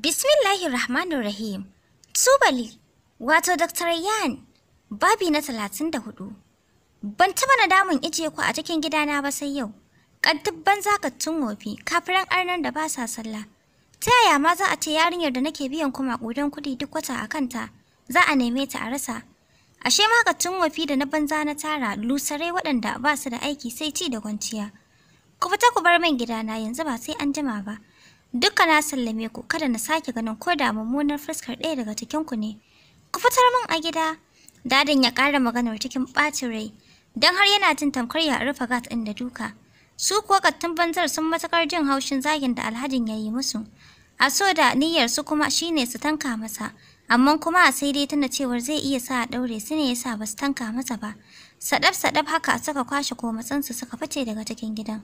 Bismillahi Rahmanu Rahim. Tubali, wato Dr. Yan, babi na talatin da hudu. Ban taba damun ijiye ku a cikin gidana ba sai yau. Kaddubban zakattun wofi, kafiran arnan da ba sa sallah. Ta yaya ma za a ce yarinyar da nake biyan kuma maƙudan kuɗi duk wata a kanta, za a neme ta a rasa. Ashe ma tun wofi da na banza na tara lusare waɗanda ba su da aiki sai ci da kwanciya. Ku fita ku bar min gidana yanzu ba sai an jima ba. Duka na sallame ku kada na sake ganin ko da mummunar fuskar ɗaya daga cikin ku ne. Ku fitar min a gida. Dadin ya ƙara maganar cikin ɓacin rai, Dan har yana jin tamkar ya rufe gas ɗin da duka. Su kuwa kattun banzar sun matakar jin haushin zagin da alhajin ya yi musu. A so da niyyar su kuma shine su tanka masa, amma kuma a sai dai tana cewar zai iya sa a ɗaure su ne yasa ba su tanka masa ba. Sadaf-sadaf haka suka kwashe komatsansu suka fice daga cikin gidan.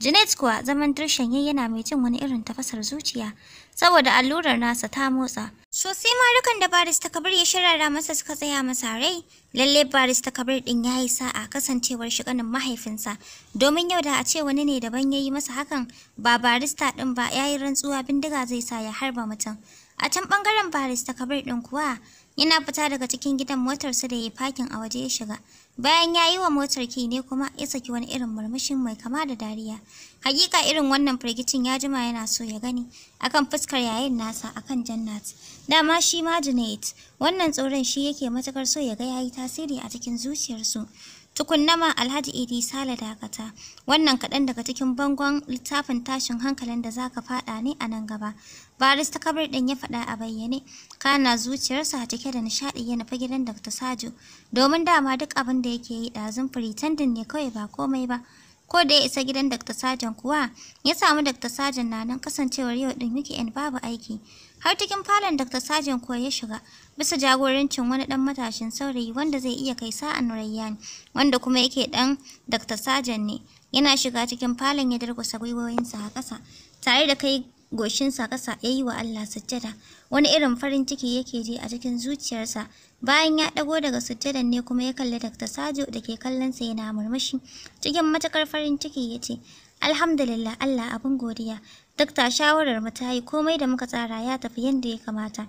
Janet kuwa zaman tushen yana mai jin wani irin tafasar zuciya saboda allurar nasa ta motsa. Sosai marukan da barista kabir ya shirara masa suka tsaya masa rai. Lalle barista kabir din ya yi sa'a kasancewar shi ganin mahaifinsa. Domin yau da a ce wani ne daban ya yi masa hakan ba barista din ba ya yi rantsuwa bindiga zai sa ya harba mutum. A can bangaren barista kabir din kuwa yana fita daga cikin gidan motarsa da ya yi fakin a waje ya shiga. Bayan ya yi wa motar ki ne kuma ya saki wani irin murmushin mai kama da dariya. Hakika irin wannan firgicin ya jima yana so ya gani akan fuskar yayin nasa akan Jannat. Dama shi ma Junaid, wannan tsoron shi yake matukar so ya ga yayi tasiri a cikin zuciyarsu. Tukunnama Alhaji Idi Sale Dakata, wannan kaɗan daga cikin bangon littafin tashin hankalin da zaka faɗa ne a nan gaba. Baris ta kabar din ya faɗa a bayyane, kana zuciyarsa cike da nishaɗi ya nufi gidan Dr. Sajo, domin dama duk abin da yake yi ɗazun pretending ne kawai ba komai ba. ko da ya isa gidan Dr. Sajan kuwa ya samu Dr. Sajan na nan kasancewar yau din weekend babu aiki har cikin falon Dr. Sajan kuwa ya shiga bisa jagorancin wani dan matashin saurayi wanda zai iya kai sa'an Rayyan wanda kuma yake dan Dr. Sajan ne yana shiga cikin falon ya durkusa gwiwoyinsa a ƙasa tare da kai goshinsa ƙasa ya yi wa Allah sujjada. Wani irin farin ciki yake ji a cikin zuciyarsa. Bayan ya ɗago daga sujjadan ne kuma ya kalli Dr. Sajo da ke kallonsa yana murmushi. Cikin matakar farin ciki yace, Alhamdulillah Allah abin godiya. Dakta shawarar mu ta yi komai da muka tsara ya tafi yadda ya kamata.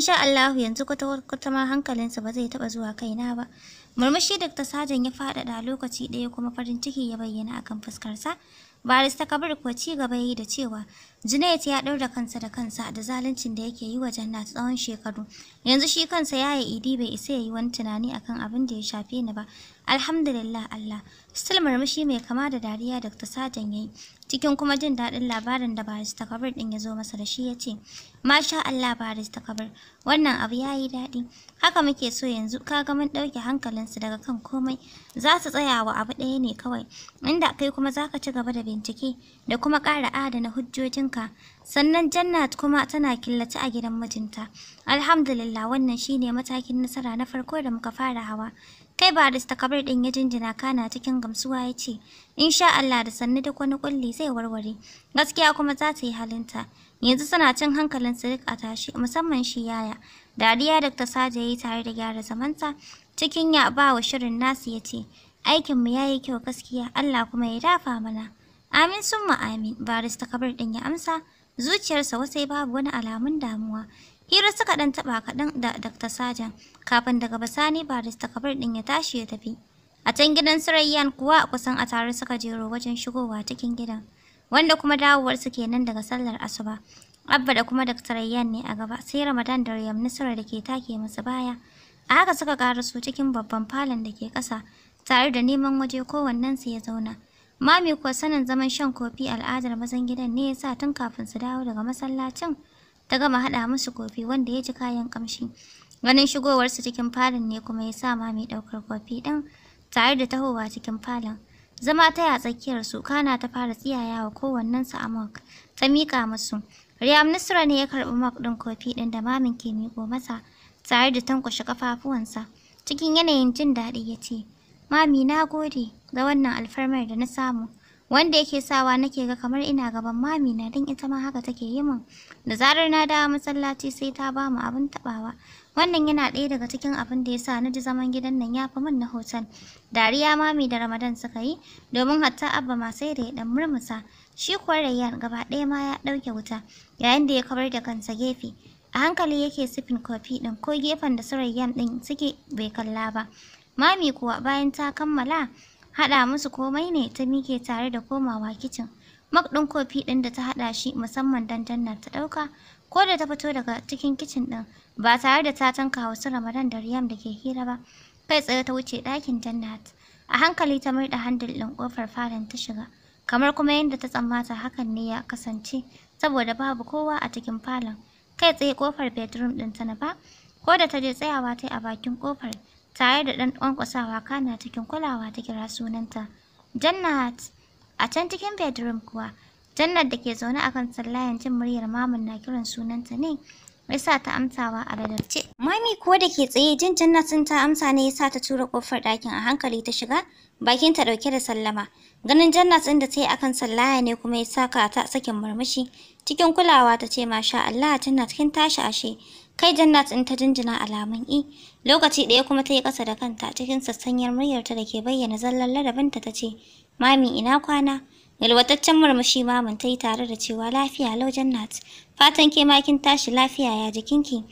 sha Allahu yanzu kwata-kwata ma hankalinsa ba zai taɓa zuwa kaina ba. Murmushi Dakta Sajan ya faɗaɗa lokaci ɗaya kuma farin ciki ya bayyana akan fuskarsa. Barista Kabir kuwa ci gaba yi da cewa Junaid ya ɗaura kansa da kansa da zaluncin da yake yi wa Jannat tsawon shekaru. Yanzu shi kansa yaya Idi bai isa ya yi wani tunani akan abin da ya shafe ni ba, Alhamdulillah Allah. Still murmushi mai kama da dariya Dr. Sajan yayi. Cikin kuma jin daɗin labarin da Barista Kabir din ya zo masa da shi yace ce, Masha Allah Barista Kabir, wannan abu yayi yi daɗi. Haka muke so yanzu ka ga mun ɗauke hankalinsu daga kan komai. Za su tsaya wa abu ɗaya ne kawai, inda kai kuma za ka ci gaba da bincike da kuma ƙara adana hujjojinka. Sannan Jannat kuma tana killace a gidan mijinta. Alhamdulillah wannan shine matakin nasara na farko da muka fara hawa. Kai ba da kabir din ya jinjina kana cikin gamsuwa ya ce, Insha Allah da sannu duk wani kulli zai warware, gaskiya kuma za ta yi halinta. Yanzu suna cin hankalin Sadiq a tashi, musamman shi yaya. Dariya Dr. Saja ya yi tare da gyara zamanta, cikin ya ba wa shirin nasu ya ce, Aikinmu ya yi kyau gaskiya, Allah kuma ya dafa mana. Amin mu amin, barista kabar din ya amsa, zuciyarsa wasai babu wani alamun damuwa. Hira suka ɗan taɓa kaɗan da Dr. Sajan kafin daga basani, bisani barista kabar ɗin ya tashi ya tafi. A can gidan su Rayyan kuwa kusan a tare suka jero wajen shigowa cikin gidan, wanda kuma dawowarsu kenan daga sallar asuba. Abba da kuma Dr. Rayyan ne a gaba, sai Ramadan da Rayyan Nusra da ke take masu baya. A haka suka su cikin babban falon da ke ƙasa, tare da neman waje kowannensu ya zauna. Mami kuwa sanin zaman shan kofi al'adar mazan gidan ne ya sa tun kafin su dawo daga masallacin. ta gama haɗa musu kofi wanda ya ji kayan kamshi. ganin shigowarsa cikin falon ne kuma ya sa mami ɗaukar kofi ɗin tare da tahowa cikin falon zama ta ya tsakiyar su kana ta fara tsiyayawa kowannensu a mok ta miƙa musu riyam nusra ne ya karɓi mok ɗin kofi ɗin da mamin ke miƙo masa tare da tankwashe kafafuwansa. cikin yanayin jin daɗi ya ce mami na gode ga wannan alfarmar da na samu wanda yake sawa nake ga kamar ina gaban mami na don ita ma haka take yi min da zarar na dawo masallaci sai ta ba mu abin tabawa wannan yana ɗaya daga cikin abin da yasa na ji zaman gidan nan ya min na hoton dariya mami da ramadan suka yi domin hatta abba ma sai da ya dan murmusa shi kuwa rayyan gaba ɗaya ma ya ɗauke wuta yayin da ya kawar da kansa gefe a hankali yake sifin kofi ɗin ko gefen da su rayyan ɗin suke bai kalla ba mami kuwa bayan ta kammala Haɗa musu komai ne ta mike tare da komawa kicin. ɗin kofi ɗin da ta haɗa shi musamman don Janna ta ɗauka, ko da ta fito daga cikin kicin ɗin ba tare da ta tanka wasu Ramadan da Riyam da ke hira ba, kai tsaye ta wuce ɗakin Jannat. A hankali ta murɗa handil ɗin ƙofar falon ta shiga, kamar kuma yadda ta tsammata hakan ne ya kasance saboda babu kowa a cikin falon. Kai tsaye ƙofar bedroom ɗin ta na ba, ko da ta je tsayawa ta a bakin ƙofar tare da ɗan ƙwanƙwasawa kana cikin kulawa ta kira sunanta jannat a can cikin bedroom kuwa jannat da ke zaune a kan sallayan jin muryar mamun na kiran sunanta ne yasa ta amsawa a ladarce mami ko da ke tsaye jin jannat sun ta amsa ne yasa ta tura kofar ɗakin a hankali ta shiga bakin ta ɗauke da sallama ganin jannat ɗin da ta yi akan sallaya ne kuma ya ka ta sakin murmushi cikin kulawa ta ce masha Allah tana kin tashi ashe kai jannat in ta jinjina alamun i eh, Lokaci ɗaya kuma ta yi ƙasa da kanta cikin sassanyar muryarta da ke bayyana zallar ladabinta ta ce, Mami ina kwana? Yalwataccen murmushi mamin ta yi tare da cewa lafiya lau Jannat. Fatan ke ma kin tashi lafiya ya jikinki.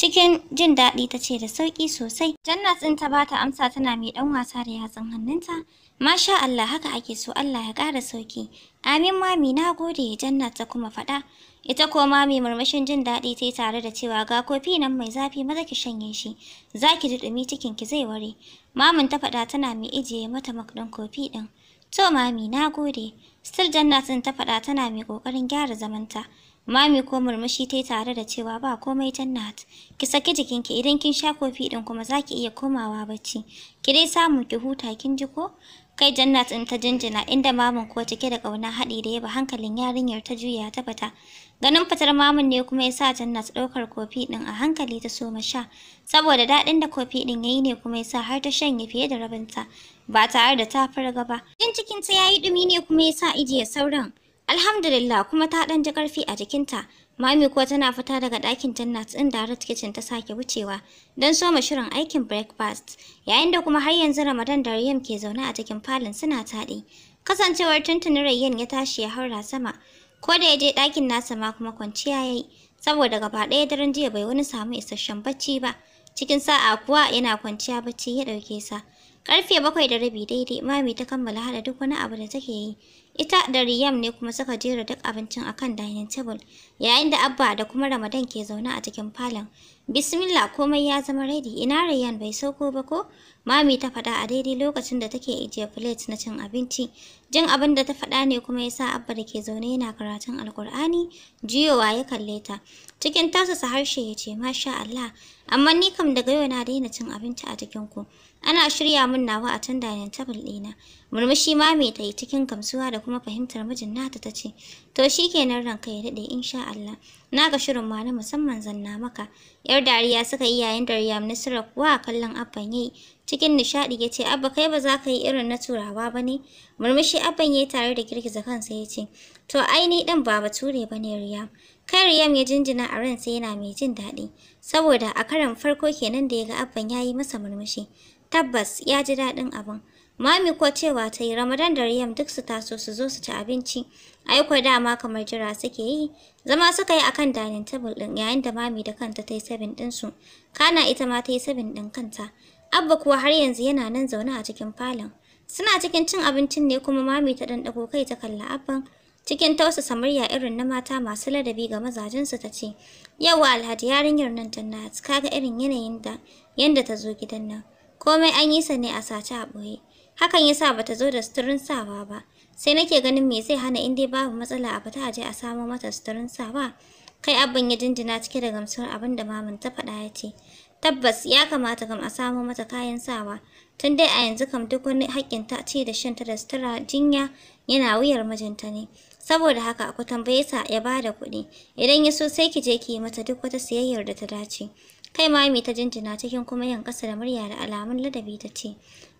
Cikin jin daɗi ta ce da sauƙi sosai. Jannat ɗin ta bata amsa tana mai ɗan wasa da yatsun hannunta. Masha Allah haka ake so Allah ya ƙara sauƙi. Amin mami na gode Jannat ta kuma faɗa. Ita ko mai murmushin jin daɗi ta yi tare da cewa ga kofi nan mai zafi maza ki shanye shi. Za ki ji ɗumi cikin ki zai ware. Mamin ta faɗa tana mai ijiye mata makɗin kofi ɗin. To mami na gode. Still Jannat ɗin ta faɗa tana mai ƙoƙarin gyara zamanta. Mami ko murmushi ta yi tare da cewa ba komai Jannat. Ki saki jikinki idan kin sha kofi din kuma za ki iya komawa bacci. Ki dai samu ki huta kin ji ko? Kai Jannat in ta jinjina inda mamin ko cike da ƙauna haɗi da yaba hankalin yarinyar ta juya ta fata, Ganin fitar mamin ne kuma ya sa Jannat ɗaukar kofi ɗin a hankali ta so ma sha. Saboda daɗin da kofi ɗin ya yi ne kuma ya sa har ta shanye fiye da rabinta ba tare da ta farga ba. Jin cikinta ya yi ɗumi ne kuma ya sa ijiye sauran. Alhamdulillah kuma ta ɗan ji ƙarfi a jikinta. Mami ko tana fita daga ɗakin Jannat ɗin Direct Kitchen ta sake wucewa don soma shirin aikin breakfast. Yayin da kuma har yanzu Ramadan da Riyam ke zaune a cikin falon suna taɗe. Kasancewar tuntuni Riyam ya tashi ya haura sama. Ko da ya je ɗakin nasa ma kuma kwanciya ya yi. Saboda gaba ɗaya daren jiya bai wani samu isasshen bacci ba. Cikin sa'a kuwa yana kwanciya bacci ya ɗauke sa. Karfe bakwai da rabi daidai Mami ta kammala hada duk wani abu da take yi. Ita da Riyam ne kuma suka jera duk abincin akan dining table yayin da Abba da kuma Ramadan ke zaune a cikin falon. Bismillah komai ya zama ready ina Riyam bai sauko ba ko? Mami ta faɗa a daidai lokacin da take ajiye plate na cin abinci Jin abin da ta faɗa ne kuma ya sa Abba da ke zaune yana karatun alkur'ani jiyowa ya kalle ta. Cikin tasasa harshe ya ce, Masha Allah, amma ni kam daga yau na daina cin abinci a cikin ku. Ana shirya min nawa a can dining table ɗina. Murmushi ma mai ta cikin gamsuwa da kuma fahimtar mijin nata ta ce, To shi kenan ranka ya daɗe insha Allah. Na ga shirin ma na musamman zanna maka. Yar dariya suka yi yayin da Riyam Nasiru kuwa kallon abban yayi. Cikin nishaɗi ya ce, Abba kai ba za ka yi irin na turawa ba ne? Murmushi abban yayi tare da girgiza kansa ya ce, To ai ni ɗin ba bature ba ne Riyam. Kai Riyam ya jinjina a ransa yana mai jin daɗi. Saboda a karan farko kenan da ya ga abban ya yi masa murmushi. Tabbas ya ji daɗin abin. Mami ko cewa ta yi Ramadan da Riyam duk su taso su zo su ci abinci. Aiko dama kamar jira suke yi. Zama suka yi akan dining table ɗin yayin da Mami da kanta ta yi sabin ɗinsu. Kana ita ma ta yi sabin ɗin kanta. Abba kuwa har yanzu yana nan zaune a cikin falon. Suna cikin cin abincin ne kuma Mami ta ɗanɗako dago kai ta kalla Abban. Cikin tausa murya irin na mata masu ladabi ga mazajensu ta ce, Yawa Alhaji yarinyar nan tana kaga irin yanayin da yanda ta zo gidan nan. Komai an yi sa ne a sace a ɓoye. Hakan yasa bata zo da suturin sawa ba. Sai nake ganin me zai hana in dai babu matsala a fita aje a samo mata suturin sawa. Kai abban ya jinjina cike da gamsuwar abin da mamin ta faɗa ya ce. Tabbas ya kamata kam a samo mata kayan sawa. Tun dai a yanzu kam duk wani haƙƙin ta ce da shan ta da sutura jinya yana wuyar mijinta ne. Saboda haka ku tambaye sa ya bada kuɗi. Idan ya so sai ki je ki yi mata duk wata siyayyar da ta dace. Kai Mami ta jinjina cikin kuma 'yan ƙasa da murya da alamun ladabi ta ce,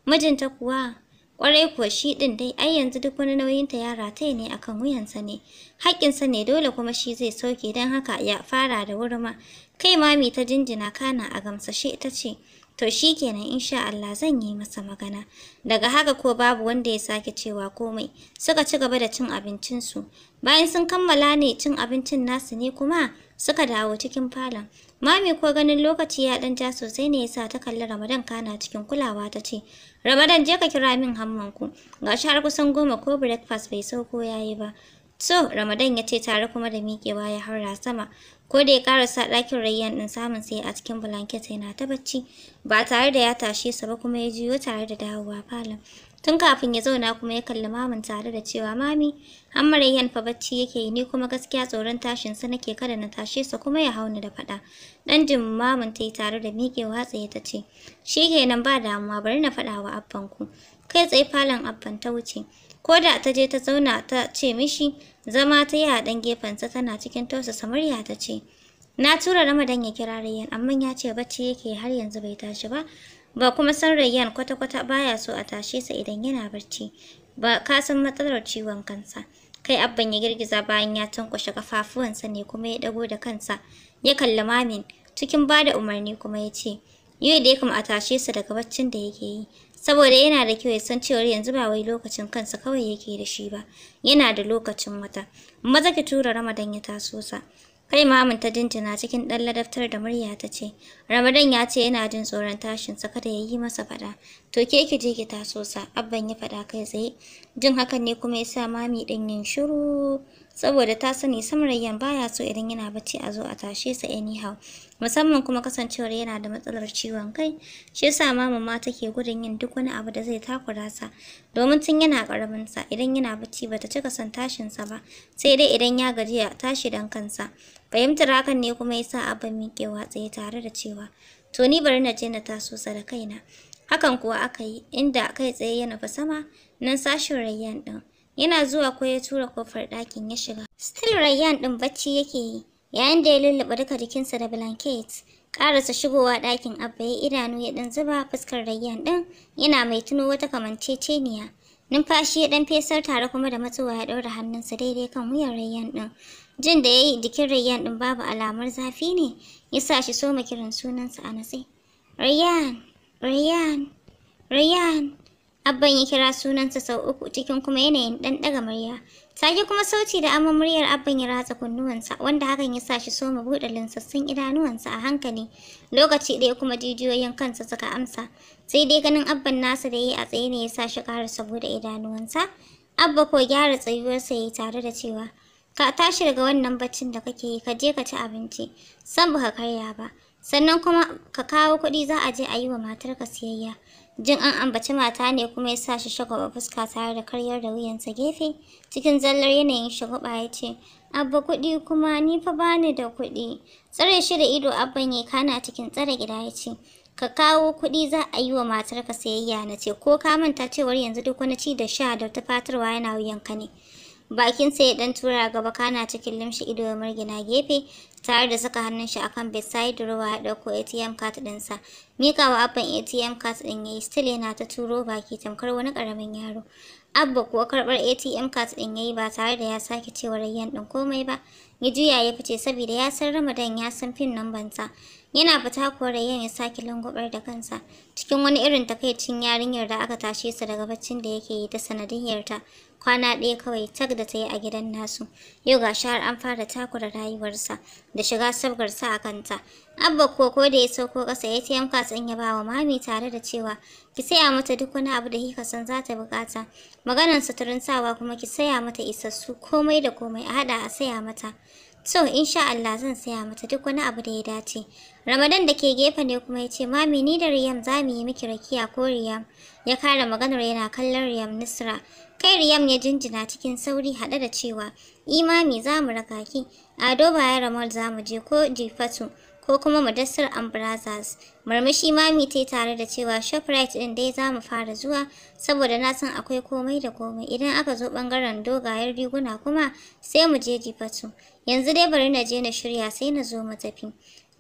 Mijinta kuwa, kwarai kuwa shi ɗin dai, ai yanzu duk wani nauyinta ya rataye ne akan wuyansa ne. Haƙƙinsa ne dole kuma shi zai sauke don haka ya fara da wuri ma. Kai Mami ta jinjina kana a gamsashe ta ce, To shi kenan insha Allah zan yi masa magana. Daga haka ko babu wanda ya sake cewa komai, suka ci gaba da cin abincinsu. Bayan sun kammala ne cin abincin nasu ne kuma suka dawo cikin falon. Mami ko ganin lokaci ya ɗan ja sosai ne yasa ta kalli Ramadan kana cikin kulawa ta ce, Ramadan je ka kira min hammanku, ga shi har kusan goma ko breakfast bai sauko ya yi ba. So, Ramadan ya ce tare kuma da miƙewa ya haura sama, ko da ya ƙarasa ɗakin rayyan ɗin samun sai a cikin blanket yana ta bacci, ba tare da ya tashe sa ba kuma ya jiyo tare da dawowa falon. Tun kafin ya zauna kuma ya kalli mamin tare da cewa mami, an yan fa bacci yake yi ni kuma gaskiya tsoron tashin sa nake kada na tashe sa kuma ya hauni da faɗa. Dan jin mamin ta yi tare da miƙewa tsaye ta ce, shi kenan ba damuwa bari na faɗawa wa abban ku. Kai tsaye falon abban ta wuce. Ko da ta je ta zauna ta ce mishi, zama ta yi a ɗan gefensa tana cikin tausasa samariya ta ce, na tura ramadan ya kira rayyan amma ya ce bacci yake har yanzu bai tashi ba. ba kuma san Rayyan kwata-kwata baya so a tashe sa idan yana barci ba ka san matsalar ciwon kansa kai abban ya girgiza bayan ya tankwashe kafafuwansa ne kuma ya dago da kansa ya kalli mamin cikin bada umarni kuma ya ce yau da kuma a tashe sa daga baccin da yake yi saboda yana da kyau ya san cewa yanzu ba wai lokacin kansa kawai yake da shi ba yana da lokacin wata maza ki tura ramadan ya taso sa Kai mamun ta jinjina cikin ɗan ladabtar da murya ta ce, Ramadan ya ce yana jin tsoron tashinsa kada ya yi masa faɗa, to ke ki je ki taso sa abban ya faɗa kai tsaye jin hakan ne kuma ya sa mami ɗin yin shiru saboda ta sani samarayyan baya so idan yana bacci a zo a tashe sa anyhow musamman kuma kasancewar yana da matsalar ciwon kai shi yasa mama ma take gudun yin duk wani abu da zai takura sa domin tun yana karamin sa idan yana bacci bata cika son tashin sa ba sai dai idan ya gaji ya tashi dan kansa fahimtar hakan ne kuma yasa abba miƙewa tsaye tare da cewa to ni bari na je na taso sa da kaina Hakan kuwa aka yi, inda kai tsaye ya nufi sama, nan sashin Rayyan ɗin. Yana zuwa ko ya tura kofar ɗakin ya shiga. Still Rayyan ɗin bacci yake yi, yayin da ya lulluɓe duka jikinsa da blanket. Ƙarasa shigowa ɗakin Abba ya idanu ya ɗan zuba fuskar Rayyan ɗin, yana mai tuno wata kamanceceniya. Numfashi ya ɗan fesar tare kuma da matsowa ya ɗaura hannunsa daidai kan wuyan Rayyan ɗin. Jin da ya yi jikin Rayyan ɗin babu alamar zafi ne, ya sa shi soma kiran sunansa a natse. Rayyan! Rayyan, Rayyan, Abban ya kira sunansa sau uku cikin kuma yanayin ɗan ɗaga murya. yi kuma sauti da amma muryar Abban ya ratsa kunnuwansa wanda hakan ya sa shi soma buɗe lansassun idanuwansa a hankali. Lokaci ɗaya kuma jijiyoyin kansa suka amsa. Sai dai ganin Abban nasa da ya yi a tsaye ne ya sa shi ƙarasa buɗe idanuwansa. Abba ko gyara tsayuwarsa ya yi tare da cewa, ka tashi daga wannan baccin da kake yi ka je ka ci abinci, san ba karya ba. sannan kuma ka kawo kuɗi za a je a yi wa matarka siyayya jin an ambaci mata ne kuma ya sa shi shagwaba fuska tare da karyar da wuyansa gefe cikin zallar yanayin shagwaba ya ce abba kuɗi kuma ni fa bani da kuɗi tsare shi da ido abban ya kana cikin tsare gida ya ce ka kawo kuɗi za a yi wa matarka siyayya na ce ko ka manta cewar yanzu duk wani ci da sha da ta fatarwa yana wuyanka ne bakinsa ya dan tura gaba kana cikin limshi ido ya murgina gefe tare da saka hannun shi akan beside ruwa ya ko ATM card ɗinsa. Mika abban ATM card ɗin ya yi still yana ta turo baki tamkar wani karamin yaro. Abba kuwa karɓar ATM card ɗin ya yi ba tare da ya sake cewa rayyan din komai ba. Ya juya ya fice saboda ya san Ramadan ya san number sa. Yana fita kuwa rayyan ya sake langubar da kansa. Cikin wani irin takaicin yarinyar da aka tashe sa daga baccin da yake yi ta sanadiyyar ta. kwana ɗaya kawai tag da ta yi a gidan nasu yau ga har an fara takura rayuwarsa da shiga sabgarsa a kanta abba kuwa ko da ya sauko ƙasa ya ta yanka tsanya ba wa mami tare da cewa ki saya mata duk wani abu da kika san za ta buƙata maganar suturin sawa kuma ki saya mata isassu komai da komai a haɗa a saya mata So sha Allah zan saya mata duk wani abu da ya dace. Ramadan da ke gefe ne kuma ya ce mami ni da Riyam za mu yi miki rakiya ko Riyam. Ya kare maganar yana kallon Riyam Nusra. Kai Riyam ya jinjina cikin sauri haɗe da cewa imami za mu raka ki. Ado baya Ramal za mu je ko Jifatu ko kuma Mudassir Ambrazas. Murmushi mami ta tare da cewa Shoprite ɗin dai za mu fara zuwa saboda na san akwai komai da komai idan aka zo bangaren dogayen riguna kuma sai mu je Jifatu. yanzu dai bari na je na shirya sai na zo matafi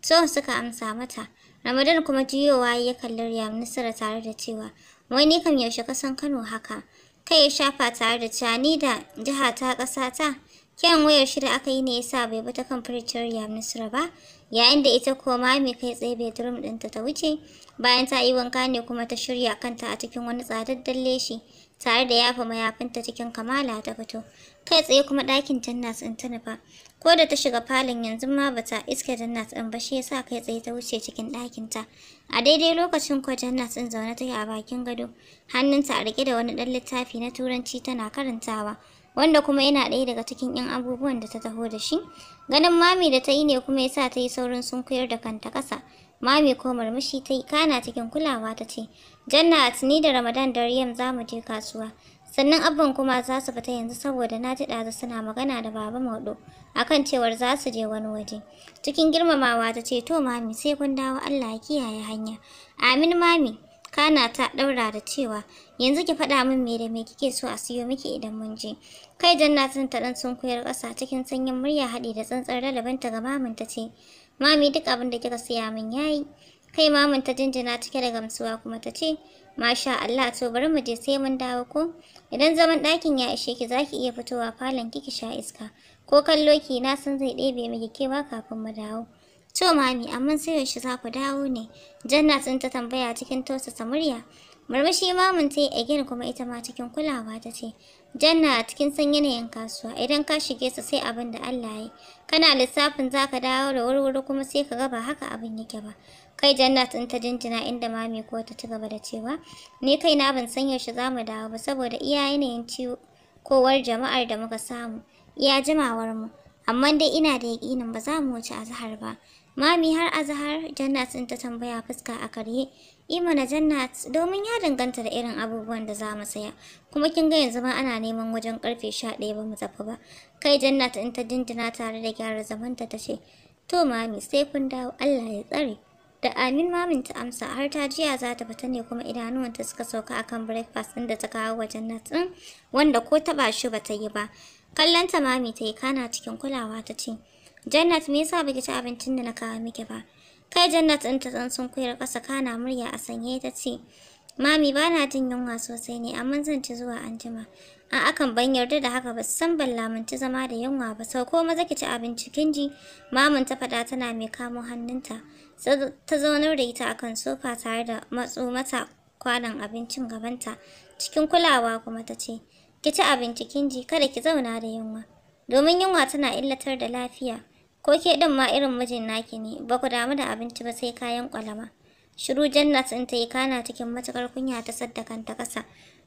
Tsohon suka amsa mata ramadan kuma juyowa ya kalli riyam nasara tare da cewa wai ni kam yaushe ka san kano haka kai ya shafa tare da cewa ni da jiha ta ƙasa ta kyan wayar shi da aka yi ne ya sa bai bata ta kan furcin riyam nasara ba yayin da ita ko mai kai tsaye bedroom ɗinta ta wuce bayan ta yi wanka ne kuma ta shirya kanta a cikin wani tsadaddan leshi tare da yafa mayafinta cikin kamala ta fito kai tsaye kuma ɗakin Jannas ɗin ta nufa. Ko da ta shiga falon yanzu ma bata iska Jannas ɗin ba shi sa kai tsaye ta wuce cikin ɗakin ta. A daidai lokacin ko Jannas ɗin zaune ta take a bakin gado, Hannun ta a riƙe da wani ɗan littafi na Turanci tana karantawa. wanda kuma yana ɗaya daga cikin 'yan abubuwan da ta taho da shi ganin mami da ta yi ne kuma ya sa ta yi saurin sunkuyar da kanta ƙasa mami ko murmushi ta yi kana cikin kulawa ta ce janna a da ramadan da riyam za mu je kasuwa sannan abban kuma za su fita yanzu saboda na ji ɗazu suna magana da baba maudo akan cewar za su je wani waje cikin girmamawa ta ce to mami sai kun dawo allah ya kiyaye hanya amin mami kana ta ɗaura da cewa yanzu ki faɗa min me da me kike so a siyo miki idan mun je kai sun ta ɗan sun sunkuyar ƙasa cikin sanyin murya haɗi da tsantsar lalabanta ga mamin ta ce mami duk abin da kika siya min yayi kai mamun ta jinjina cike da gamsuwa kuma ta ce masha Allah to bari mu je sai mun dawo ko idan zaman ɗakin ya ishe ki zaki iya fitowa falon kiki sha iska ko kallo ki na san zai ɗebe miki kewa kafin mu dawo to mami amma sai yaushe za ku dawo ne janna sun ta tambaya cikin tausasa murya murmushi mamun ta yi gini kuma ita ma cikin kulawa ta ce janna a cikin san yanayin kasuwa idan ka shige su sai abin da Allah ya yi kana lissafin za ka dawo da wurwuri kuma sai ka gaba haka abin yake ba Kai Jannat in ta jinjina inda mami ko ta ci gaba da cewa, ni kai na ban san yaushe za mu dawo ba saboda iya yanayin kowar jama'ar da muka samu, iya jimawar mu. Amma dai ina da yaƙinin ba za mu wuce azahar ba. Mami har azahar Jannat in ta tambaya fuska a karye, Imana Jannat domin ya danganta da irin abubuwan da za mu saya. Kuma kin ga yanzu ma ana neman wajen karfe 11 ba mu tafi ba. Kai Jannat in ta jinjina tare da gyara zamanta ta ce, To mami sai kun dawo Allah ya tsare. Da amin mamin ta amsa har ta jiya za ta fita ne kuma idanuwanta suka sauka akan breakfast ɗin da ta kawo wajen nat ɗin wanda ko taɓa shi ba ta yi ba. Kallon ta mami ta yi kana cikin kulawa ta ce, Jannat me yasa baki ci abincin da na kawo miki ba? Kai Jannat ɗin ta sun kuyar ƙasa kana murya a sanye ta ce, Mami ba na jin yunwa sosai ne amma zan ci zuwa anjima. A akan ban yarda da haka ba san ban lamunci zama da yunwa ba sau ko maza ki ci abinci kin ji mamin ta faɗa tana mai kamo hannunta. ta zaunar da ita akan sofa tare da matso mata kwanon abincin gabanta cikin kulawa kuma ta ce ki ci abinci kin ji kada ki zauna da yunwa domin yunwa tana illatar da lafiya ko ke din ma irin mijin naki ne ba ku damu da abinci ba sai kayan kwalama shiru jannat in ta yi kana cikin matukar kunya ta sadda kanta kasa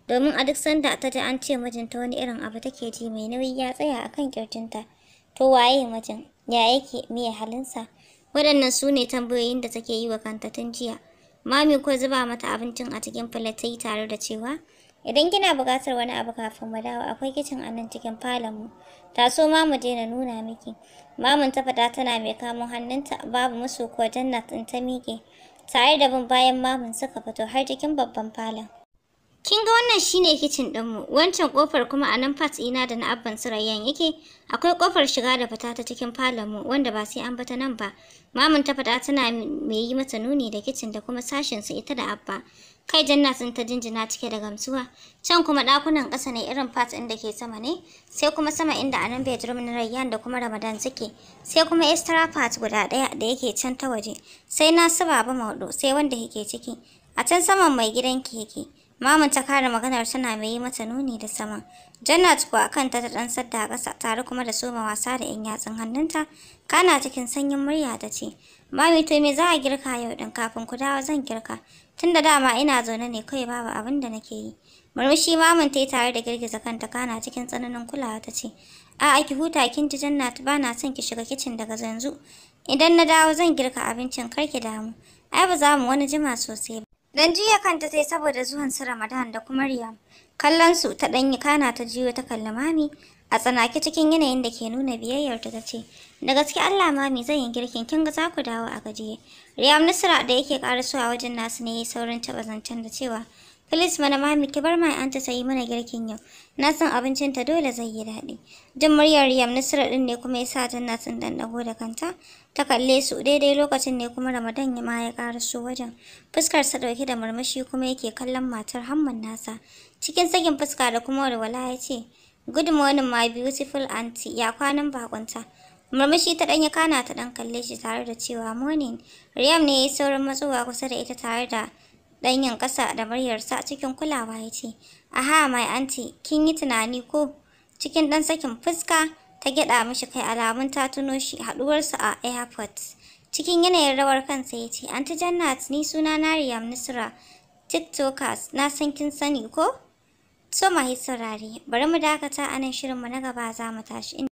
domin a duk sanda ta ji an ce mijinta wani irin abu take ji mai nauyi ya tsaya akan kirjinta to waye mijin ya yake me halinsa Waɗannan su ne tambayoyin da take yi wa kanta tun jiya. Mami ko zuba mata abincin a cikin filet ta yi tare da cewa, Idan kina buƙatar wani abu kafin mu dawo akwai kicin a nan cikin falon mu. Taso ma mu je na nuna miki. Mamin ta faɗa tana mai kamun hannunta babu musu ko jannat in ta miƙe. Tare da bin bayan mamin suka fito har cikin babban falon. Kin ga wannan shine kicin ɗinmu, wancan ƙofar kuma a nan fat ina da na abban surayyan yake, akwai ƙofar shiga da fita ta cikin falon mu, wanda ba sai an bata nan ba. Mamun ta faɗa tana mai yi mata nuni da kicin da kuma sashen su ita da abba. Kai janna sun ta jinjina cike da gamsuwa. Can kuma ɗakunan kasa ne irin fat ɗin da ke sama ne, sai kuma sama inda a nan bedroom na Rayyan da kuma Ramadan suke, sai kuma extra part guda ɗaya da yake can ta waje, sai na su ba maudo sai wanda yake ciki. A can saman mai gidanki yake. Maman ta kare maganar tana mai yi mata nuni da saman. Jannat kuwa akan ta dan sadda a ƙasa tare kuma da soma wasa da yan yatsun hannunta. Kana cikin sanyin murya ta ce, "Mami to me za a girka yau din kafin ku dawo zan girka. Tunda dama ina zaune ne kai babu abin da nake yi." Murmushi maman ta yi tare da girgiza kanta kana cikin tsananin kulawa ta ce, "A'a ki huta kin ji Jannat ba na son ki shiga kicin daga zanzu. Idan na dawo zan girka abincin kar ki damu. Ai ba za mu wani jima sosai ba." Dan jiya kanta sai saboda zuwan su Ramadan da kuma Riyam. Kallon su ta danyi kana ta jiyo ta kalli mami a tsanake cikin yanayin da ke nuna biyayyarta ta ce, "Da gaske Allah mami zan yi girkin kin ga za ku dawo a gajiye." Riyam Nusra da yake karasowa wajen nasu ne ya saurin taɓa zancen da cewa, Please mana mami ki bar mai anta ta mana girkin yau. Na san abincin ta dole zai yi daɗi. Jin muryar Riyam nasra din ne kuma yasa na san dan dago da kanta. Ta kalle su daidai lokacin ne kuma Ramadan ya ma ya karaso wajen. Fuskar sa dauke da murmushi kuma yake kallon matar Hamman nasa. Cikin sakin fuska da kuma walwala ya ce, "Good morning my beautiful auntie. Ya kwanan bakunta?" Murmushi ta danya kana ta ɗan kalle shi tare da cewa morning. Riyam ne ya yi saurin matsowa kusa da ita tare da dan yin ƙasa da muryarsa cikin kulawa ya ce, Aha, mai anti, kin yi tunani ko? Cikin ɗan sakin fuska, ta gyaɗa mishi kai alamun ta tuno shi haɗuwarsu a airport. Cikin yanayin rawar kansa ya ce, Anti Jannat, ni suna na Riyam Nusra, TikTokers, na san kin sani ko? So mahi saurare, bari mu dakata anan nan mu na gaba za mu tashi.